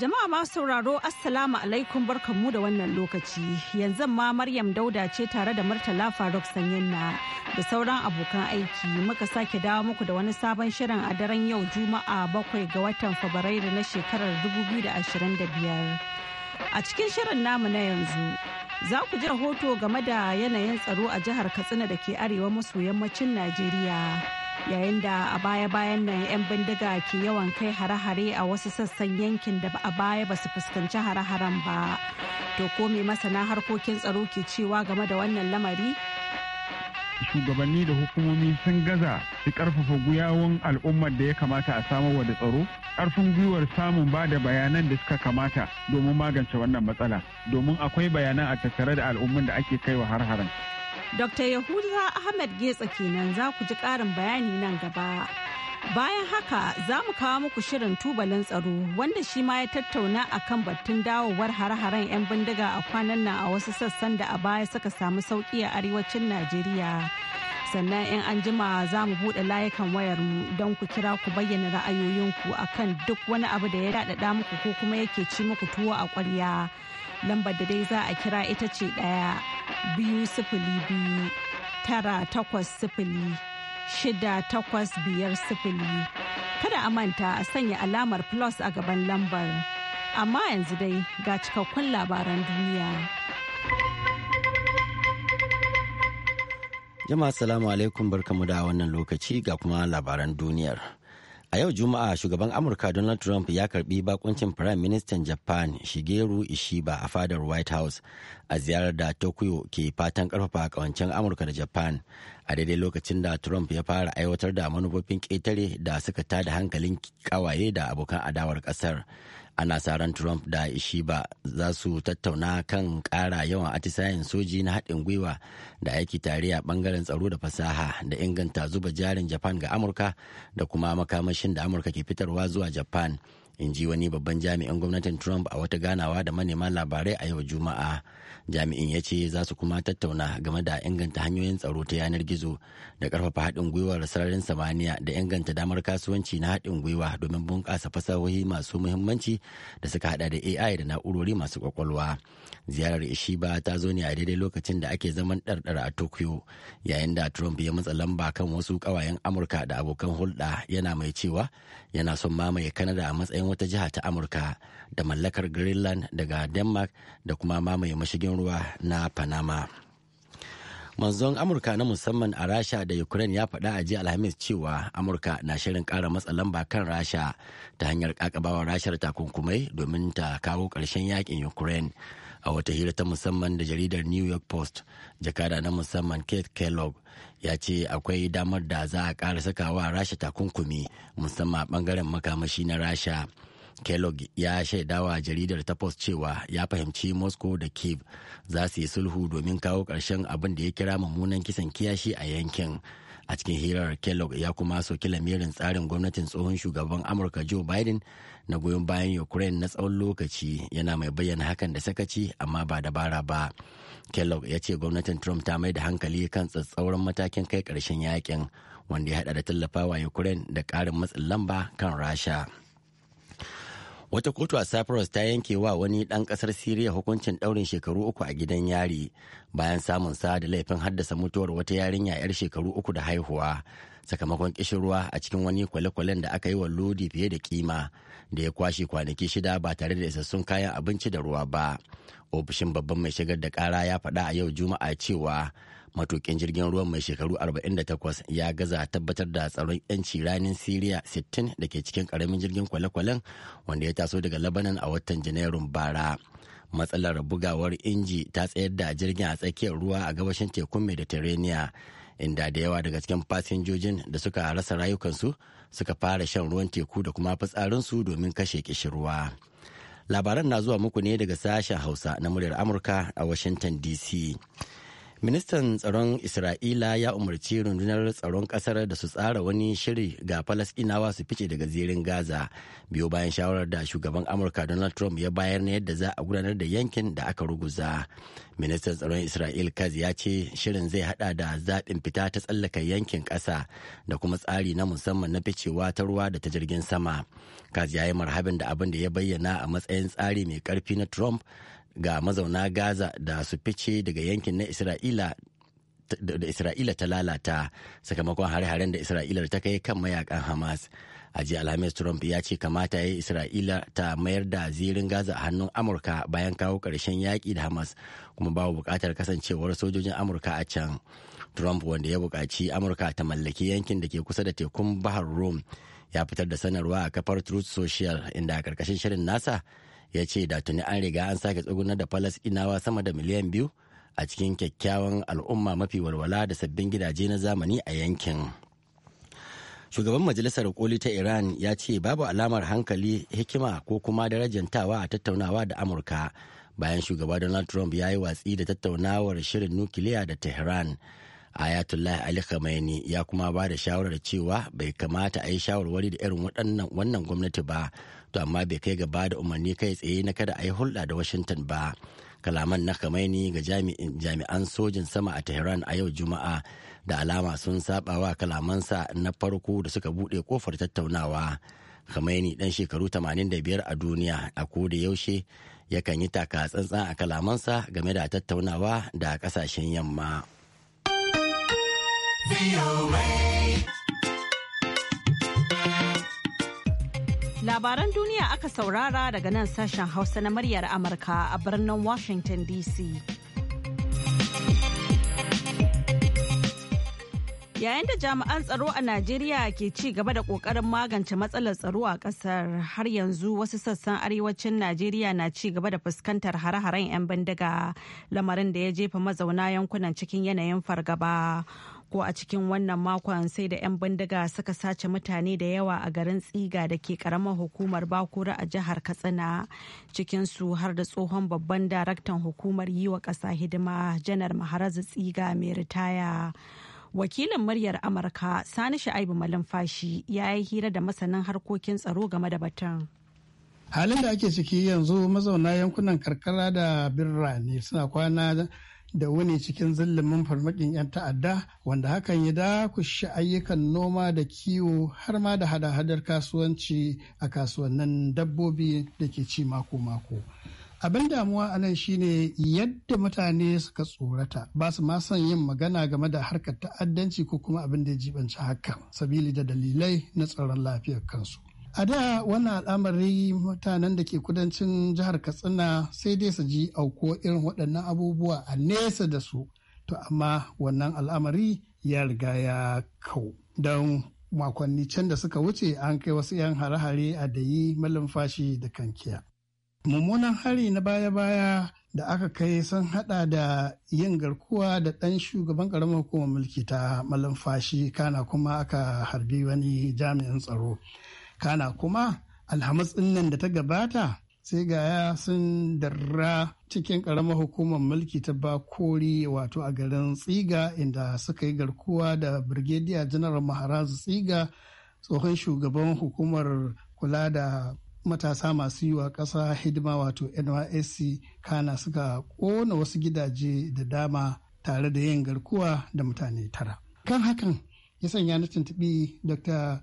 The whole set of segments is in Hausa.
Jama'a masu sauraro Assalamu alaikum barkanmu da wannan lokaci. Yanzu ma Maryam Dauda ce tare da Murtala Faruk na da sauran abokan aiki muka sake dawo muku da wani sabon shirin a daren yau Juma'a bakwai ga watan Fabrairu na shekarar 2025. A cikin shirin namu na yanzu za ku ji rahoto game da yanayin tsaro a jihar Katsina da ke arewa maso yammacin Najeriya. yayin da a baya-bayan nan 'yan bindiga ke yawan kai hare-hare a wasu sassan yankin da a baya ba su fuskanci hare-haren ba to ko me masana harkokin tsaro ke cewa game da wannan lamari shugabanni da hukumomi sun gaza su karfafa gwiwon al'ummar da ya kamata a wa da tsaro karfin gwiwar samun ba da bayanan da suka kamata domin magance wannan matsala domin akwai bayanan a tattare da al'ummar da ake kaiwa har-haren Dr. Yahuza Ahmed Getsa kenan za ku ji ƙarin bayani nan gaba. Bayan haka za mu kawo muku shirin tubalin tsaro wanda shi ma ya tattauna a kan battun dawowar hare-haren 'yan bindiga a kwanan nan a wasu sassan da a baya suka samu sauki a arewacin Najeriya. Sannan 'yan anjima za mu buɗe layukan wayar mu don ku kira ku bayyana ra'ayoyinku a kan duk wani abu da ya daɗaɗa muku ko kuma yake ci muku tuwo a ƙwarya. Lambar da dai za a kira ita ce ɗaya biyu sifili biyu tara takwas sifili shida takwas biyar sifili kada a manta a sanya alamar plus a gaban lambar amma yanzu dai ga cikakkun labaran duniya jama'a salamu alaikum barkamu da wannan lokaci ga kuma labaran duniyar A yau Juma'a shugaban Amurka Donald Trump ya karbi bakuncin Prime Minister Japan Shigeru Ishiba a fadar White House a ziyarar da Tokyo ke fatan karfafa kawancen Amurka da Japan a daidai lokacin da Trump ya fara aiwatar da manufofin ƙetare da suka tada hankalin kawaye da abokan adawar ƙasar. ana sa ran trump da ishiba za su tattauna kan ƙara yawan atisayen soji na haɗin gwiwa da aiki tare a ɓangaren tsaro da fasaha da inganta zuba jarin japan ga amurka da kuma makamashin da amurka ke fitarwa zuwa japan in ji wani babban jami'in gwamnatin trump a wata ganawa da manema labarai a yau juma'a jami'in ya ce za su kuma tattauna game da inganta hanyoyin tsaro ta yanar gizo da karfafa haɗin gwiwar sararin samaniya da inganta damar kasuwanci na haɗin gwiwa domin bunƙasa fasahohi masu muhimmanci da suka haɗa da ai da na'urori masu kwakwalwa ziyarar ishiba ta zo ne a daidai lokacin da ake zaman ɗarɗara a tokyo yayin da trump ya matsa lamba kan wasu ƙawayen amurka da abokan hulɗa yana mai cewa yana son mamaye kanada a matsayin wata jiha ta amurka da mallakar greenland daga denmark da kuma mamaye mashigin ruwa na panama manzon amurka na musamman a rasha da ukraine ya faɗa a jiya alhamis cewa amurka na shirin ƙara matsa lamba kan rasha ta hanyar ƙaƙabawa rashar takunkumai domin ta kawo ƙarshen yakin ukraine a wata hira ta musamman da jaridar new york post jakada na musamman kate kellogg ya ce akwai damar da za a ƙara sakawa rasha takunkumi musamman a ɓangaren makamashi na rasha kellogg ya shaidawa jaridar ta post cewa ya fahimci moscow da kiev za su yi sulhu domin kawo ƙarshen abin da ya kira mummunan kisan kiyashi a yankin a cikin hirar kellogg ya kuma soki lamirin tsarin gwamnatin tsohon shugaban amurka joe biden na goyon bayan ukraine na tsawon lokaci yana mai bayyana hakan da sakaci amma ba dabara ba kellogg ya ce gwamnatin trump ta mai da hankali kan tsatsauran matakin kai ƙarshen yakin wanda ya hada da tallafawa ukraine da ƙarin matsin lamba kan rasha wata kotu a cyprus ta yanke wa wani ɗan ƙasar siriya hukuncin ɗaurin shekaru uku a gidan yari bayan samun sa da laifin haddasa mutuwar wata yarinya 'yar shekaru uku da haihuwa sakamakon kishirwa a cikin wani kwale-kwalen da aka yi wa lodi fiye da kima da ya kwashe kwanaki shida ba tare da isassun kayan abinci da ruwa ba ofishin babban mai shigar da kara ya faɗa a yau juma'a cewa matukin jirgin ruwan mai shekaru 48 ya gaza tabbatar da tsaron 'yanci ranin siriya 60 da ke cikin karamin jirgin kwale-kwalen wanda ya taso daga labanan a watan janairun bara matsalar bugawar inji ta tsayar da jirgin a tsakiyar ruwa a gabashin tekun mediterranean inda da yawa daga cikin fasinjojin da suka rasa rayukansu suka fara shan ruwan teku da kuma fitsarinsu domin kashe kishirwa. labaran na zuwa muku ne daga sashen hausa na muryar amurka a washington dc ministan tsaron isra'ila ya umarci rundunar tsaron ƙasar da su tsara wani shiri ga falasɗinawa su fice daga zirin gaza biyo bayan shawarar da shugaban amurka donald trump ya bayar na yadda za a gudanar da yankin da aka ruguza ministan tsaron isra'il kaz ya ce shirin zai hada da zaɓin fita ta tsallaka yankin ƙasa da kuma tsari na musamman na ficewa ta ruwa da ta jirgin sama kaz ya yi marhabin da abin da ya bayyana a matsayin tsari mai ƙarfi na trump ga mazauna Gaza da su fice daga yankin na Isra'ila da Isra'ila ta lalata sakamakon hare-haren da Isra'ila ta kai kan mayakan Hamas. A jiya Alhamis Trump ya ce kamata ya yi Isra'ila ta mayar da zirin Gaza a hannun Amurka bayan kawo ƙarshen yaƙi da Hamas kuma babu buƙatar kasancewar sojojin Amurka a can. Trump wanda ya buƙaci Amurka ta mallaki yankin da ke kusa da tekun Bahar Rome ya fitar da sanarwa a kafar Truth Social inda a ƙarƙashin shirin nasa ya ce da tuni an riga an sake tsugunar da falasɗinawa sama da miliyan biyu a cikin kyakkyawan al'umma mafi walwala da sabbin gidaje na zamani a yankin shugaban majalisar koli ta iran ya ce babu alamar hankali hikima ko kuma darajantawa a tattaunawa da amurka bayan shugaba donald trump ya yi watsi da tattaunawar shirin nukiliya da tehran ayatollah ali khamenei ya kuma ba da shawarar cewa bai kamata a yi shawarwari da irin wannan gwamnati ba to amma bai kai gaba da umarni kai tsaye na kada a yi hulɗa da washington ba kalaman na kamaini ga jami'an sojin sama a tehran a yau juma'a da alama sun saba wa kalamansa na farko da suka buɗe kofar tattaunawa Khamenei dan shekaru 85 a duniya a koda yaushe yakan yi taka tsantsan a kalamansa game da tattaunawa da kasashen yamma. Labaran duniya aka saurara daga nan sashen Hausa na muryar Amurka a birnin Washington DC. Yayin da jami'an tsaro a Najeriya ke ci gaba da ƙoƙarin magance matsalar tsaro a ƙasar, har yanzu wasu sassan arewacin Najeriya na ci gaba da fuskantar hare-haren 'yan bindiga lamarin da ya jefa mazauna yankunan cikin yanayin fargaba. ko a cikin wannan makon sai da 'yan bindiga suka sace mutane da yawa a garin tsiga da ke karamar hukumar bakura a jihar katsina cikin su har da tsohon babban daraktan hukumar yi wa ƙasa hidima janar maharazu tsiga mai ritaya wakilin muryar amurka sani sha'ibu malumfashi ya yi hira da masanin harkokin tsaro game da batun halin da ake ciki yanzu mazauna yankunan karkara da birane suna kwana da wuni cikin zillimin farmakin 'yan ta'adda wanda hakan ya dakushe ayyukan noma da kiwo har ma da hada-hadar kasuwanci a kasuwannin dabbobi da ke ci mako-mako. abin damuwa a nan shine yadda mutane suka tsorata ba su ma son yin magana game da harkar ta'addanci ko kuma abin da ya jibanci hakan sabili da dalilai na tsaron lafiyar kansu a da wannan al'amari mutanen da ke kudancin jihar katsina sai dai su ji auko irin waɗannan abubuwa a nesa da su to amma wannan al'amari ya riga ya kau don makonni can da suka wuce an kai wasu 'yan hare-hare a dayi malumfashi da kankiya mummunan hari na baya-baya da aka kai sun hada da yin garkuwa da ɗan shugaban ƙaramar hukumar mulki ta malumfashi kana kuma aka harbi wani jami'in tsaro kana kuma alhamis nan da ta gabata sai ga ya sun darra cikin ƙaramar hukumar mulki ta bakori wato a garin tsiga inda suka yi garkuwa da birgediya janar maharazu tsiga tsohon shugaban hukumar kula da matasa masu yi wa ƙasa hidima wato nysc kana suka ƙona wasu gidaje da dama tare da yin garkuwa da mutane tara kan hakan ya sanya na tuntuɓi dr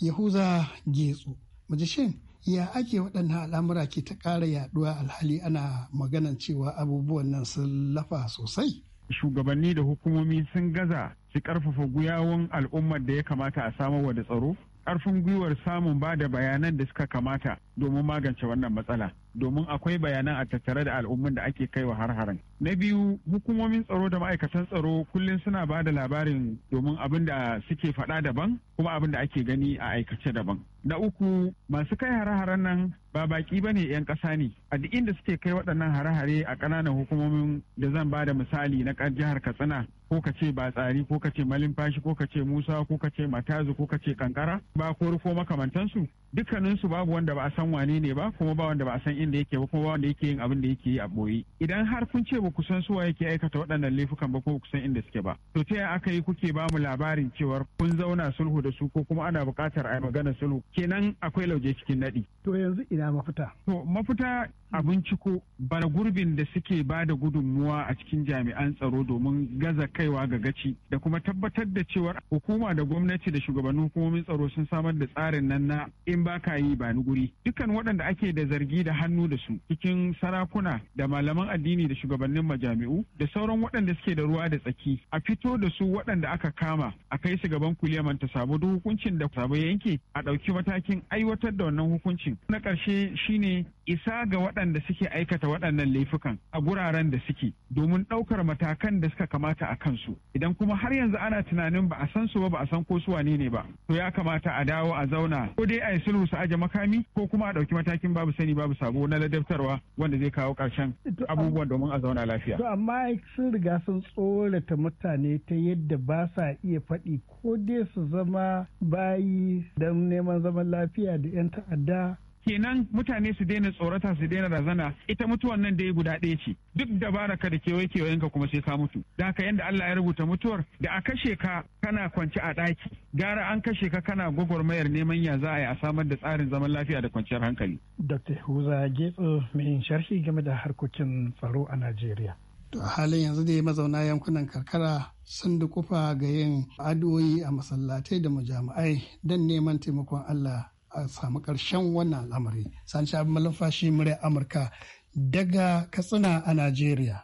yahuza getsu majishin ya ake waɗannan al'amura ke ta ƙara yaɗuwa alhali ana maganan cewa abubuwan nan sun lafa sosai shugabanni da hukumomi sun gaza su ƙarfafa gwiwawun al'ummar da ya kamata a samarwa da tsaro ƙarfin gwiwar samun ba da bayanan da suka kamata domin magance wannan matsala domin akwai bayanan a tattare da al'umman da ake kaiwa har-haren. Na biyu hukumomin tsaro da ma'aikatan tsaro kullum suna ba da labarin domin abin da suke faɗa daban kuma abin da ake gani a aikace daban. Na uku masu kai har-haren nan ba baki ba ne 'yan ƙasa ne a duk inda suke kai waɗannan hare-hare a ƙananan hukumomin da zan ba da misali na jihar Katsina ko ka ce batsari ko ka ce malimfashi ko ka ce musa ko ka ce matazu ko ka ce kankara ba ko rufo makamantansu dukkaninsu babu wanda ba a san san wane ne ba kuma ba wanda ba a san inda yake ba kuma ba wanda yake yin abin da yake yi a boye idan har kun ce ba ku san suwa yake aikata waɗannan laifukan ba ko ku san inda suke ba to ta aka yi kuke ba mu labarin cewar kun zauna sulhu da su ko kuma ana buƙatar a magana sulhu kenan akwai lauje cikin naɗi. to yanzu ina mafita. to mafita a binciko bara gurbin da suke ba da gudunmuwa a cikin jami'an tsaro domin gaza kaiwa ga gaci da kuma tabbatar da cewar hukuma da gwamnati da shugabannin hukumomin tsaro sun samar da tsarin nan na in ba ka yi ba ni guri duk dukkan waɗanda ake da zargi da hannu da su cikin sarakuna da malaman addini da shugabannin majami'u da sauran waɗanda suke da ruwa da tsaki a fito da su waɗanda aka kama a kai su gaban kuliyaman ta samu duk hukuncin da sabo yanke a ɗauki matakin aiwatar da wannan hukuncin na ƙarshe shine isa ga waɗanda suke aikata waɗannan laifukan a guraren da suke domin ɗaukar matakan da suka kamata a kansu idan kuma har yanzu ana tunanin ba a san su ba ba a san ko su wane ne ba to ya kamata a dawo a zauna ko dai a yi sulhu su aje makami ko kuma a ɗauki matakin babu sani babu sabo na ladabtarwa wanda zai kawo ƙarshen abubuwan domin a zauna lafiya. To amma sun riga sun tsorata mutane ta yadda ba sa iya faɗi ko dai su zama bayi don neman zaman lafiya da 'yan ta'adda kenan mutane su daina tsorata su daina razana ita mutuwan nan da ya guda ɗaya ce duk dabara ka da kewaye kewayen ka kuma sai ka mutu da haka yanda Allah ya rubuta mutuwar da a kashe ka kana kwanci a ɗaki gara an kashe ka kana gwagwarmayar neman ya za a yi a samar da tsarin zaman lafiya da kwanciyar hankali. Dr. Huza Getso mai sharhi game da harkokin tsaro a Najeriya. To a halin yanzu dai mazauna yankunan karkara sun dukufa ga yin addu'o'i a masallatai da majami'ai don neman taimakon Allah a samu ƙarshen wannan al'amari sani shabi malafashi murya amurka daga katsina a najeriya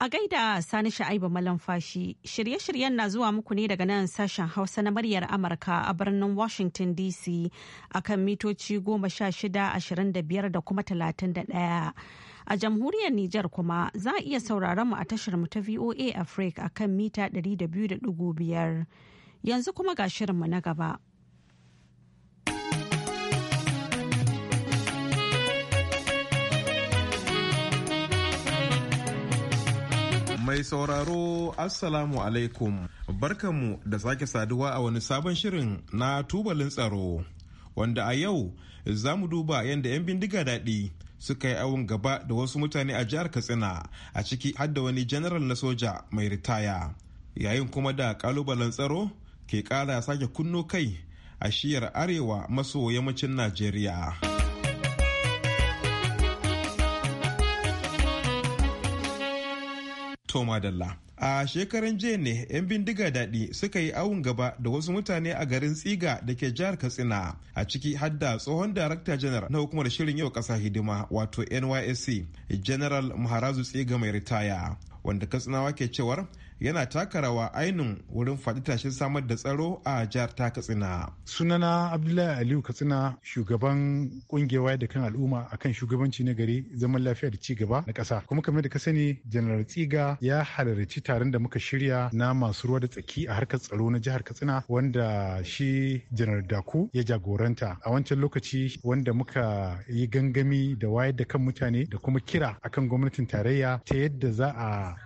A gaida Sani Sha'aibu Malamfashi, shirye-shiryen na zuwa muku ne daga nan sashen Hausa na muryar Amurka a birnin Washington DC a kan mitoci shida, ashirin da da kuma talatin da 31. A jamhuriyar Nijar kuma za a iya sauraron mu a tashar mu ta VOA Africa a kan mita 200.5. Yanzu kuma ga shirinmu na gaba. Mai sauraro Assalamu alaikum barkanmu da sake saduwa a wani sabon shirin na tubalin tsaro wanda a yau za mu duba yadda 'yan bindiga daɗi suka yi awon gaba da wasu mutane a jihar Katsina a ciki hadda wani janaral na soja mai ritaya yayin kuma da kalubalen tsaro ke ƙara sake kunno kai a shiyar arewa maso yammacin Najeriya. Toma Dalla. A shekaran jiya ne 'yan bindiga daɗi suka yi awun gaba da wasu mutane a garin Tsiga da ke jihar Katsina a ciki hadda tsohon darakta janar na hukumar shirin yau ƙasa hidima wato NYSC General Maharazu Tsiga mai ritaya wanda Katsinawa ke cewar yana taka rawa wurin faɗi tashin samar da tsaro a jihar ta katsina sunana abdullahi aliyu katsina shugaban wayar da kan al'umma akan shugabanci na gari zaman lafiya da ci gaba na ƙasa kuma kamar da ka sani janar tsiga ya halarci taron da muka shirya na masu ruwa da tsaki a harkar tsaro na jihar katsina wanda shi janar daku ya jagoranta a wancan lokaci wanda muka yi gangami da wayar da kan mutane da kuma kira akan gwamnatin tarayya ta yadda za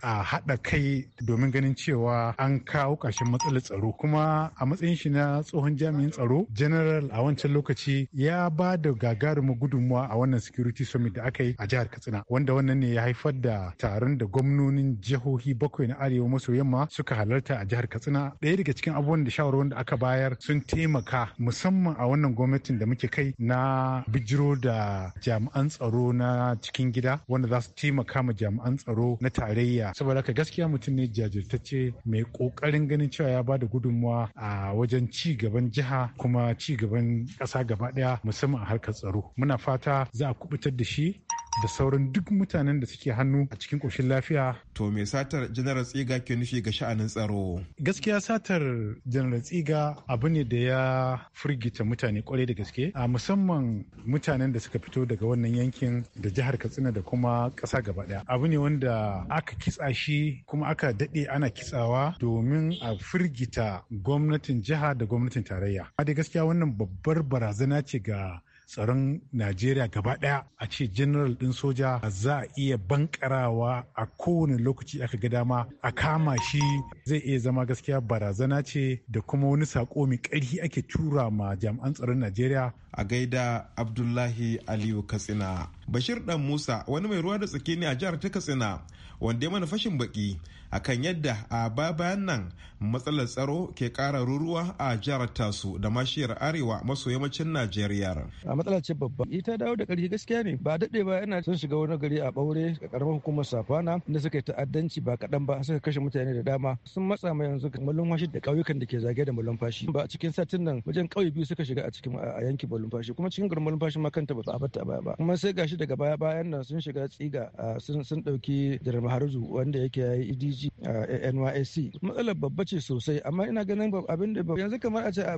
a haɗa kai domin domin ganin cewa an kawo ƙarshen matsalar tsaro kuma a matsayin shi na tsohon jami'in tsaro general a wancan lokaci ya ba da gagarumin gudunmuwa a wannan security summit da aka yi a jihar katsina wanda wannan ne ya haifar da taron da gwamnonin jihohi bakwai na arewa maso yamma suka halarta a jihar katsina ɗaya daga cikin abubuwan da shawarwar da aka bayar sun taimaka musamman a wannan gwamnatin da muke kai na bijiro da jami'an tsaro na cikin gida wanda za su taimaka ma jami'an tsaro na tarayya saboda haka gaskiya mutum ne jajirtacce mai kokarin ganin cewa ya bada gudunmuwa a wajen ci gaban jiha kuma ci gaban ƙasa gaba ɗaya musamman a harkar tsaro muna fata za a kubutar da shi da sauran duk mutanen da suke hannu a cikin ƙoshin lafiya. To me satar janar tsiga ke nufi ga sha'anin tsaro? Gaskiya satar janar tsiga abu ne da ya firgita mutane kwarai da gaske a musamman mutanen da suka fito daga wannan yankin da jihar Katsina da kuma ƙasa gaba ɗaya. Abu ne wanda aka kitsa shi kuma aka daɗe ana kitsawa domin a firgita gwamnatin jiha da gwamnatin tarayya. A da gaskiya wannan babbar barazana ce ga tsaron najeriya gaba ɗaya a ce general ɗin soja za a iya bankarawa a kowane lokaci aka ga dama a kama shi zai iya zama gaskiya barazana ce da kuma wani sako mai ƙarfi ake tura ma jami'an tsaron najeriya a gaida abdullahi aliyu katsina bashir dan musa wani mai ruwa da tsaki ne a jihar ta katsina wanda ya mana fashin baki kan yadda a babayan nan matsalar tsaro ke kara ruruwa a jihar tasu da mashiyar arewa maso yammacin najeriya a matsalar ce babba ita dawo da ƙarfi gaskiya ne ba daɗe ba yana sun shiga wani gari a ɓaure a ƙaramar hukumar safana inda suka yi ta'addanci ba kaɗan ba suka kashe mutane da dama sun matsa mai yanzu malumfashi da ƙauyukan da ke zage da malumfashi ba a cikin satin nan wajen ƙauye biyu suka shiga a cikin a numfashi kuma cikin garmar lumfashi ma kanta ba a abata baya ba kuma sai gashi daga baya bayan nan sun shiga tsiga sun sun dauki jiran maharuzu wanda yake yayi EDG a NYSC matsalar babba ce sosai amma ina ganin abin da yanzu kamar a ce a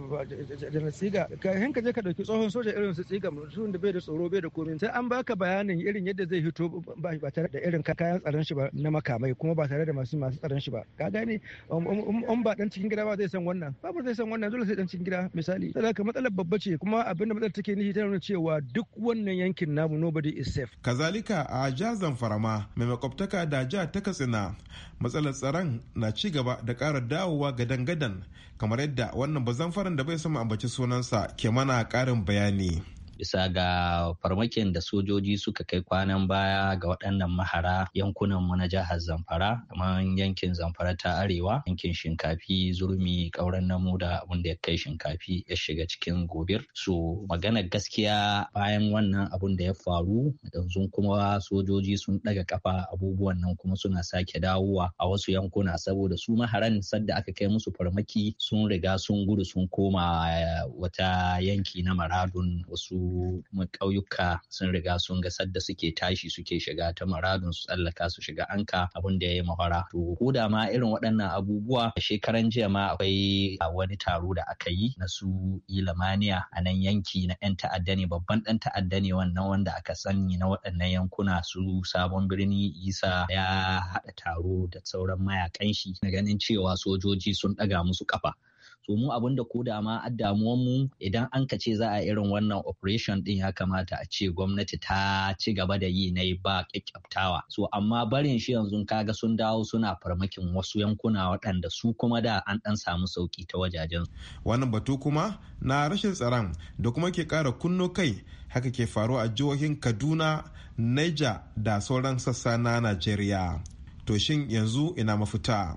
jiran tsiga ka hinka je ka dauki tsohon soja irin su tsiga su da bai da tsoro bai da komai sai an baka bayanin irin yadda zai hito ba tare da irin kayan tsaron shi ba na makamai kuma ba tare da masu masu tsaron shi ba ka gane an um, um, um, ba dan cikin gida ba zai san wannan babu zai san wannan dole sai dan cikin gida misali saboda matsalar babba ce kuma abin abinda matsalar take nishi ta nuna cewa duk wannan yankin namu nobody is safe kazalika a jihar zamfarama mai makwabtaka da jihar ta katsina matsalar tsaron na ci gaba da ƙara dawowa ga dangadan kamar yadda wannan bazamfaran da bai sama ambaci sunansa ke mana ƙarin bayani bisa ga farmakin da sojoji suka kai kwanan baya ga waɗannan mahara yankunan mu na jihar Zamfara kamar yankin Zamfara ta Arewa yankin Shinkafi Zurmi ƙauren namu da abin da ya kai Shinkafi ya shiga cikin gobir su magana gaskiya bayan wannan abun da ya faru yanzu kuma sojoji sun ɗaga kafa abubuwan nan kuma suna sake dawowa a wasu yankuna saboda su maharan sadda aka kai musu farmaki sun riga sun gudu sun koma eh, wata yanki na maradun wasu su ƙauyuka sun riga sun ga sadda suke tashi suke shiga ta maradun su tsallaka su shiga anka Abun da ya yi mahara to ko da ma irin waɗannan abubuwa shekaran jiya ma akwai wani taro da aka yi na su ilamaniya a nan yanki na yan ta'adda ne babban ɗan ta'adda ne wannan wanda aka sani na waɗannan yankuna su sabon birni isa ya haɗa taro da sauran mayakan shi na ganin cewa sojoji sun ɗaga musu ƙafa. so mu abin da ko da ma damuwan mu idan an ka ce za a irin wannan operation din ya kamata a ce gwamnati ta ci gaba da yi na ba kyakkyaftawa so amma barin shi yanzu kaga sun dawo suna farmakin wasu yankuna waɗanda su kuma da an ɗan samu sauki ta wajajen wannan batu kuma na rashin tsaron da kuma ke ƙara kunno kai haka ke faru a jihohin kaduna niger da sauran sassa na najeriya to shin yanzu ina mafita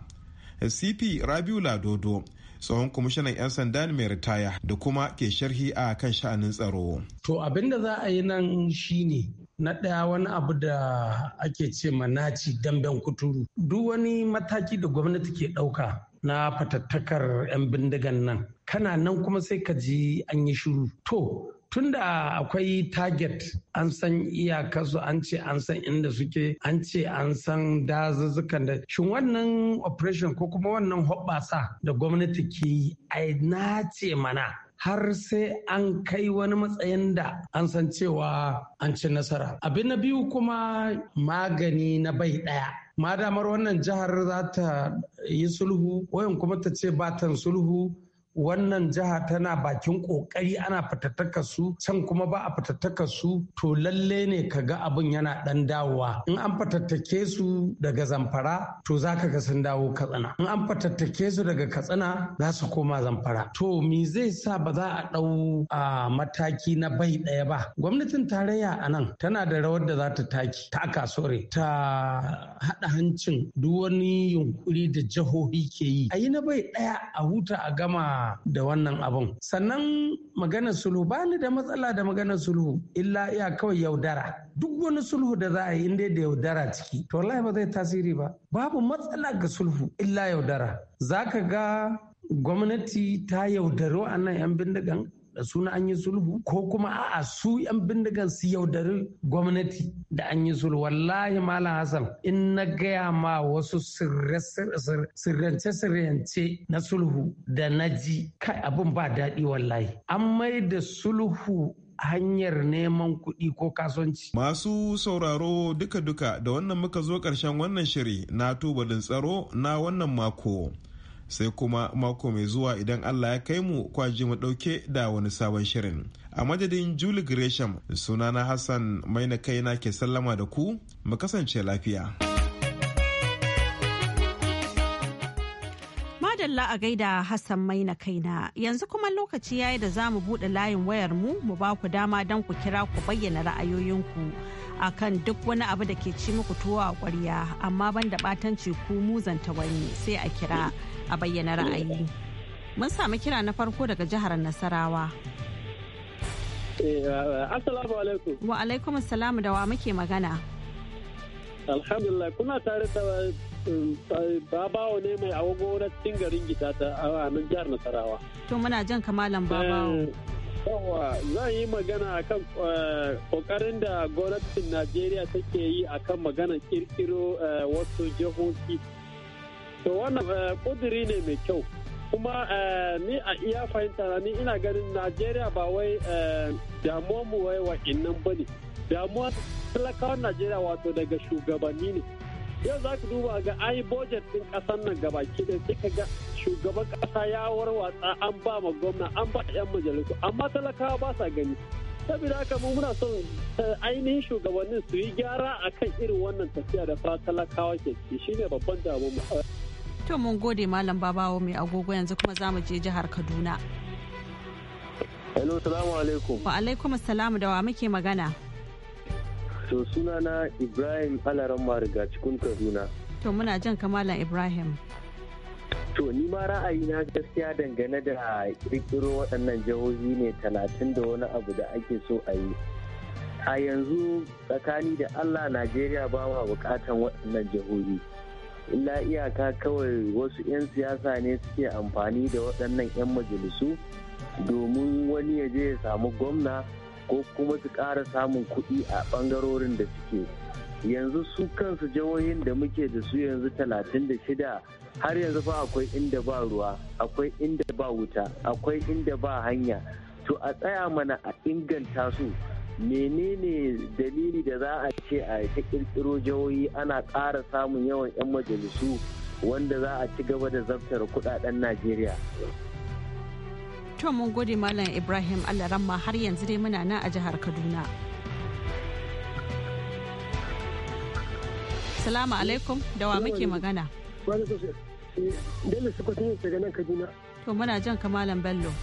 cp rabiu ladodo tsohon kwamishinan 'yan sanda mai ritaya da kuma ke sharhi a kan sha'anin tsaro. To abin da za a yi nan shine na ɗaya wani abu da ake ce ma naci damben kuturu duk wani mataki da gwamnati ke ɗauka na fatattakar 'yan bindigan nan kana nan kuma sai ka ji an yi shiru to tunda akwai target an san iyakarsu an ce an san inda suke an ce an san dazuzzukan da shin wannan operation ko kuma wannan hoɓɓasa da gwamnati ke yi a na ce mana har sai an kai wani matsayin da an san cewa an ci nasara abin na biyu kuma magani na bai ɗaya ma damar wannan jihar za ta yi sulhu wayan kuma ta ce batan sulhu wannan jiha tana bakin kokari ana fatattaka su can kuma ba a fatattaka su to lalle ne ka ga abin yana dan dawowa in an fatattake su daga zamfara to za ka ga sun dawo katsina in an fatattake su daga katsina za su koma zamfara to me zai sa ba za a dau a mataki na bai daya ba gwamnatin tarayya a nan tana da rawar da za ta taki ta sore ta haɗa hancin duk wani yunkuri da jihohi ke yi a yi na bai daya a huta a gama da wannan abun sannan maganar sulhu ba ni da matsala da maganar sulhu illa iya kawai yaudara duk wani sulhu da za a yi inda da yaudara ciki to wallahi ba zai tasiri ba babu matsala ga sulhu illa yaudara zaka ga gwamnati ta yaudaro a nan 'yan bindigan da suna an yi sulhu ko kuma a'a su 'yan bindigan su yaudari gwamnati da an yi sulhu wallahi malam hassan in na gaya ma wasu sirrance-sirrance na sulhu da na ji kai abin ba daɗi wallahi an mai da sulhu hanyar neman kuɗi ko kasuwanci. Masu sauraro duka-duka da wannan muka zo ƙarshen wannan shiri na tubalin tsaro na wannan mako. sai kuma mako mai zuwa idan allah ya kai mu kwaji mu ɗauke da wani sabon shirin a madadin julie gresham sunana hassan mai na kaina ke sallama da ku mu kasance lafiya madalla a gaida hassan mai na kaina yanzu kuma lokaci yayi da za mu buɗe layin wayar mu mu ba ku dama don ku kira ku bayyana ra'ayoyinku akan duk wani abu da ke ci muku tuwo a ƙwarya amma banda da ɓatanci ku muzanta wani sai a kira a bayyana ra'ayi. Mun sami kira na farko daga jihar Nasarawa. Eh, assalamu alaikum. Wa alaikum assalamu da wa muke magana. Alhamdulillah kuna tare da um, babawo ne mai agogo na cikin garin gita ta a nan jihar Nasarawa. To muna jan kamalan babawo. Eh, yawwa zan yi magana a kan eh, kokarin da gwamnatin najeriya take yi a kan maganar kirkiro wasu jihohi to wannan kuduri eh, ne mai kyau kuma eh, ni a iya fahimta ni ina ganin najeriya ba wai eh, damuwa mu wai innan ba ne damuwa talakawan najeriya wato daga shugabanni ne yau za ka duba ga ai budget din kasan nan gaba da sai ka ga shugaban kasa ya warwatsa an ba ma gwamna an ba yan majalisu amma talakawa ba sa gani saboda haka mu muna son ainihin shugabannin su yi gyara akan irin wannan tafiya da fara talakawa ke shi ne babban damuwa To mun gode Malam babawa mai agogo yanzu kuma za mu je jihar Kaduna. Hello, salamu alaikum. Wa alaikum salamu da wa muke magana. To suna na Ibrahim Alaran Mariga cikin Kaduna. To muna jan kamalan Ibrahim. To ni ma ra'ayina gaskiya dangane da kirkiro waɗannan jihohi ne talatin da wani abu da ake so a yi. A yanzu tsakani da Allah Najeriya ba wa bukatan waɗannan jihohi. illa iyaka kawai wasu 'yan siyasa ne suke amfani da waɗannan 'yan majalisu domin wani ya je ya samu gwamna ko kuma su ƙara samun kuɗi a ɓangarorin da suke yanzu su kansu jihohin da muke da su yanzu talatin da shida har yanzu fa akwai inda ba ruwa akwai inda ba wuta akwai inda ba hanya to a tsaya mana a inganta su menene dalili da za a ce a ta kirkiro jihohi ana ƙara samun yawan 'yan majalisu wanda za a ci gaba da zartar kudaden najeriya to mun gode malam ibrahim ramma har yanzu dai muna nan a jihar kaduna salamu alaikum da wa muke magana su kaduna to muna jan kamalan bello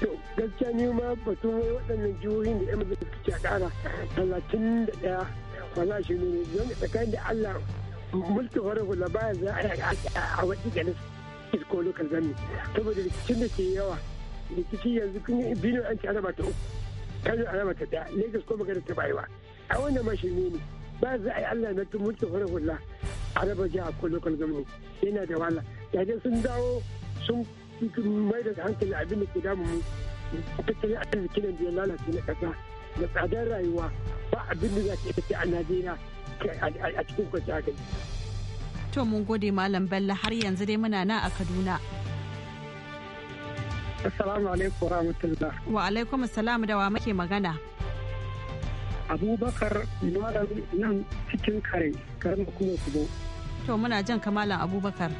to gaskiya ni ma batun waɗannan jihohin da 'yan majalisa suke a ƙara talatin da ɗaya wala shi ne don tsakanin da allah mulki farar hula baya za a yi a waɗi ganin isko lokal zami saboda rikicin da ke yawa rikici yanzu kun yi biyu an ci araba ta uku kano araba ta ɗaya lagos ko magana ta bayewa a wannan ma shi ne ba za a yi allah na tun mulki farar hula araba jiha ko lokal zami yana da wahala yayin sun dawo sun mai da hankali abin da ke damu tattalin arziki nan da ya lalace na kasa, da tsadar rayuwa ba abin da za ta iya a najeriya a cikin kwanci haka to mun gode malam bello har yanzu dai muna nan a kaduna assalamu alaikum rahmatullah wa alaikum assalam da wa muke magana abubakar malam nan cikin kare karen kuma kubo to muna jan kamalan abubakar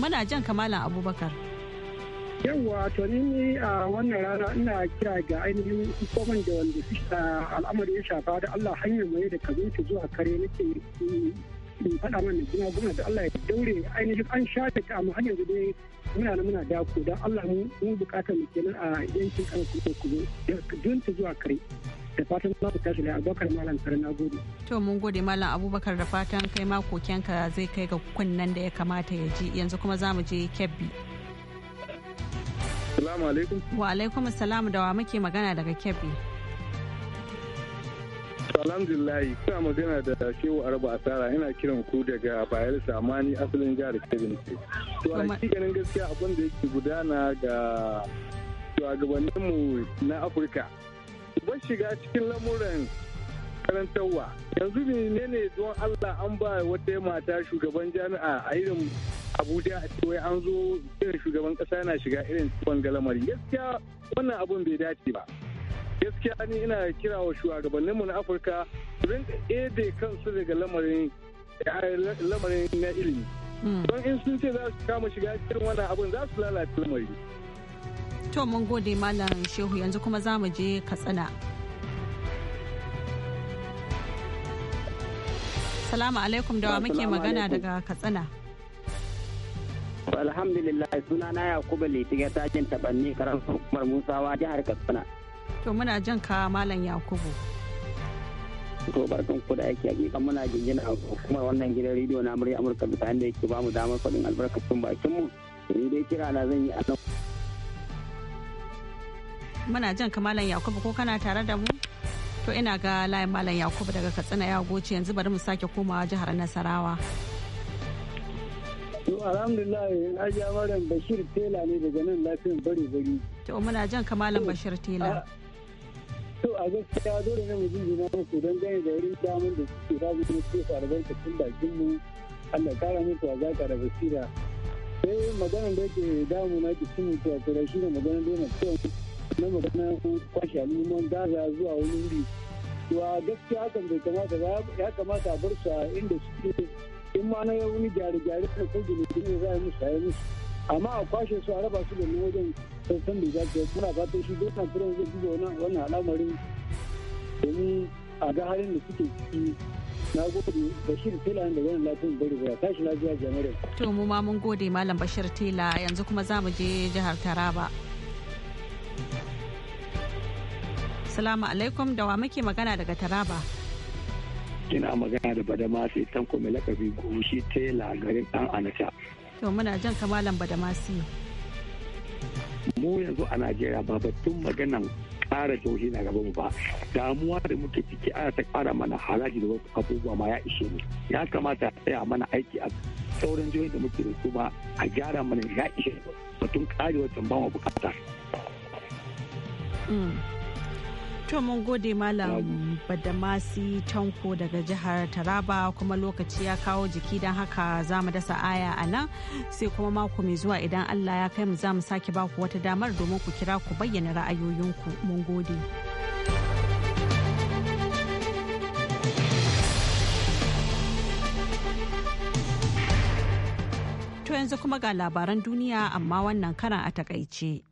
Muna jan kamalan Abubakar. yawwa to ni a wannan rana ina kira ga ainihin hukumar da wanda al'amari ya shafa da Allah hanyar mai da kazuta zuwa kare nake in mm, mm, faɗa mana juna guna da Allah ya daure ainihin an shafe ta amma hanyar da muna nan muna dako don Allah mu mun bukata mu kenan a yankin kan ko ku da dunta zuwa kare da fatan za ku tashi da abokan malam kare na gode. To mun gode malam abubakar da fatan kai ma kokenka zai kai ga kunnan da ya kamata ya ji yanzu kuma za mu je kebbi. Assalamu alaikum. Wa alaikum salam da wa muke magana daga kebbi. Alhamdulillah, ina magana da shehu araba asara ina kiran ku daga bayar samani asalin jihar kebbi to a ganin gaskiya abin da yake gudana ga mu na afirka ban shiga cikin lamuran karantarwa yanzu ne ne don allah an ba wata mata shugaban jami'a a irin abuja a cewa an zo irin shugaban kasa yana shiga irin cikin galamari gaskiya wannan abun bai dace ba gaskiya ni ina kira wa shugabanninmu na afirka su rinka ede kansu daga lamarin eh, na ilimi hmm. don in sun ce za su kama shiga cikin wannan abin za su lalace lamari to mun gode malam shehu yanzu kuma za mu je katsina salamu alaikum da wa muke magana daga katsina alhamdulillah sunana yakubu litiga tajin tabanni karamar musawa jihar katsina To muna jan ka Malam Yakubu. to barkan ku da aiki hakika muna jinjina a hukumar wannan gidan rediyo na murya amurka bisa da yake ba mu damar faɗin albarkacin bakin mu ni dai kira na zan yi a nan. muna jan ka malam yakubu ko kana tare da mu to ina ga layin malam yakubu daga katsina ya goce yanzu bari mu sake komawa jihar nasarawa. to alhamdulillah na ja bashir tela ne daga nan lafiyan bari bari to muna jan kamalan bashir tela to a gaskiya dole ne mu jinjina su don gane da wurin damar da suke babu mu ne su albarkacin bakin mu Allah kara to za ka da basira sai maganar da yake damu na ki sun mutu a kura shi ne maganar da ne cewa na maganar kwashe al'umman gaza zuwa wani wuri to a gaskiya hakan bai kamata ba ya kamata a bar su a inda suke in ma na wani gyare-gyare da ko gine-gine za a yi musu a yi musu amma a kwashe su a raba su da wajen sassan da zaka kuna fatan shi duk kan firin zai duba wannan al'amarin domin a ga halin da suke ciki na gode bashir tela da wannan lafiyan bari ba tashi lafiya jami'ar to mu ma mun gode malam bashir tela yanzu kuma za mu je jihar taraba salamu alaikum da wa muke magana daga Taraba. Kina magana da Badama sai tanko mai lakabi goshi tela garin dan Anata. to muna jan kamalan badamasi mu yanzu a najeriya ba batun maganan kara jauhi na gaba ba damuwa da muke ciki ana ta kara mana haraji da wasu abubuwa ma ya ishe mu ya kamata a tsaya mana aiki a sauran jihohi da muke da su ba a gyara mana ya ishe batun kare tambawa bukata. Mm. To mun gode Malam Badamasi Tanko daga jihar Taraba kuma lokaci ya kawo jiki don haka za mu dasa aya a nan sai kuma mako mai zuwa idan Allah ya kai mu za mu sake baku wata damar domin ku kira ku bayyana ra'ayoyinku mun gode. To yanzu kuma ga labaran duniya amma wannan karan a takaice.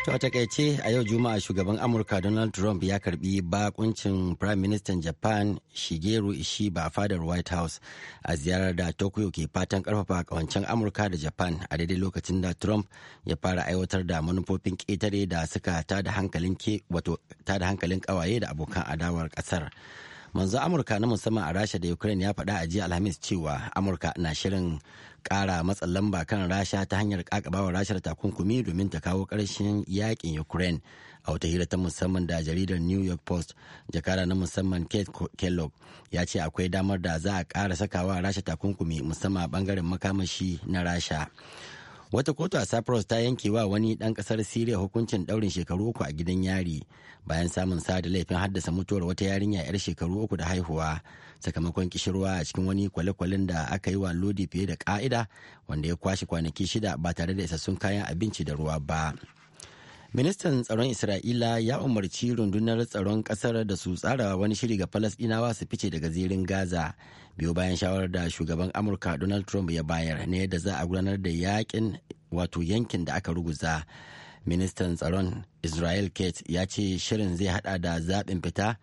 To a takaice a yau Juma'a shugaban Amurka Donald Trump ya karbi bakuncin Prime Minister Japan Shigeru Ishiba a fadar White House a ziyarar da Tokyo ke fatan karfafa kawancen Amurka da Japan a daidai lokacin da Trump ya fara aiwatar da manufofin ƙetare da suka tada hankalin kawaye da abokan adawar ƙasar. manzo amurka na musamman a rasha da ukraine ya faɗa a jiya alhamis cewa amurka na shirin kara matsa lamba kan rasha ta hanyar ƙaƙabawa rashar takunkumi domin ta kawo ƙarshen yakin ukraine a wata hira ta musamman da jaridar new york post jakara na musamman kate kellogg ya ce akwai damar da za a kara sakawa rasha takunkumi musamman a ɓangaren makamashi na rasha wata kotu a cyprus ta yanke wa wani ɗan ƙasar syria hukuncin daurin shekaru uku a gidan yari bayan samun sada laifin haddasa mutuwar wata yarinya 'yar shekaru uku da haihuwa sakamakon kishirwa a cikin wani kwale-kwalen da aka yi wa lodi fiye da ka'ida wanda ya kwashe kwanaki shida ba tare da isassun kayan abinci da ruwa ba. ministan tsaron isra'ila ya umarci rundunar tsaron kasar da su tsara wani shiri ga falasdinawa su fice daga zirin gaza biyo bayan shawarar da shugaban amurka donald trump ya bayar ne da za a gudanar da yakin wato yankin da aka ruguza ministan tsaron israel kate ya ce shirin zai hada da zaɓin fita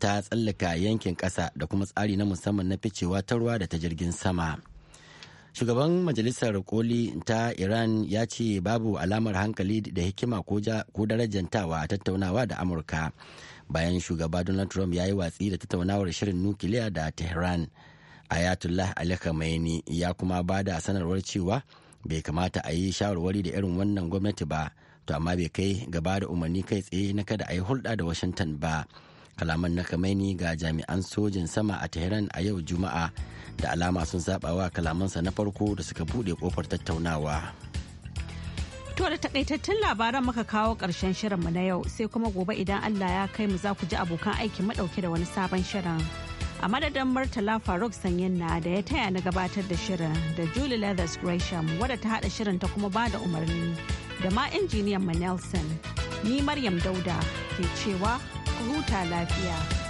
ta tsallaka yankin ƙasa da kuma tsari na musamman na ficewa ta ruwa da ta jirgin sama. shugaban majalisar koli ta iran ya ce babu alamar hankali da hikima ko darajantawa a tattaunawa da amurka bayan shugaba donald trump ya yi watsi da tattaunawar shirin nukiliya da tehran ayatollah ali khamenei ya kuma ba da sanarwar cewa bai kamata a yi shawarwari da irin wannan gwamnati ba to amma bai kai gaba da umarni kai tsaye na kada a yi hulɗa da washington ba kalaman na kamaini ga jami'an sojin sama a tehran a yau juma'a da alama sun saba wa kalamansa na farko da suka buɗe kofar tattaunawa To da takaitattun labaran muka kawo ƙarshen mu na yau sai kuma gobe idan Allah ya kai mu za ku ji abokan aikin madauke da wani sabon shirin. A madadin Murtala Faruk Sanyin na da ya taya na gabatar da shirin da Julie Leathers Gresham wadda ta haɗa shirin ta kuma ba da umarni da ma injiniyan mu Nelson. Ni Maryam Dauda ke cewa huta lafiya.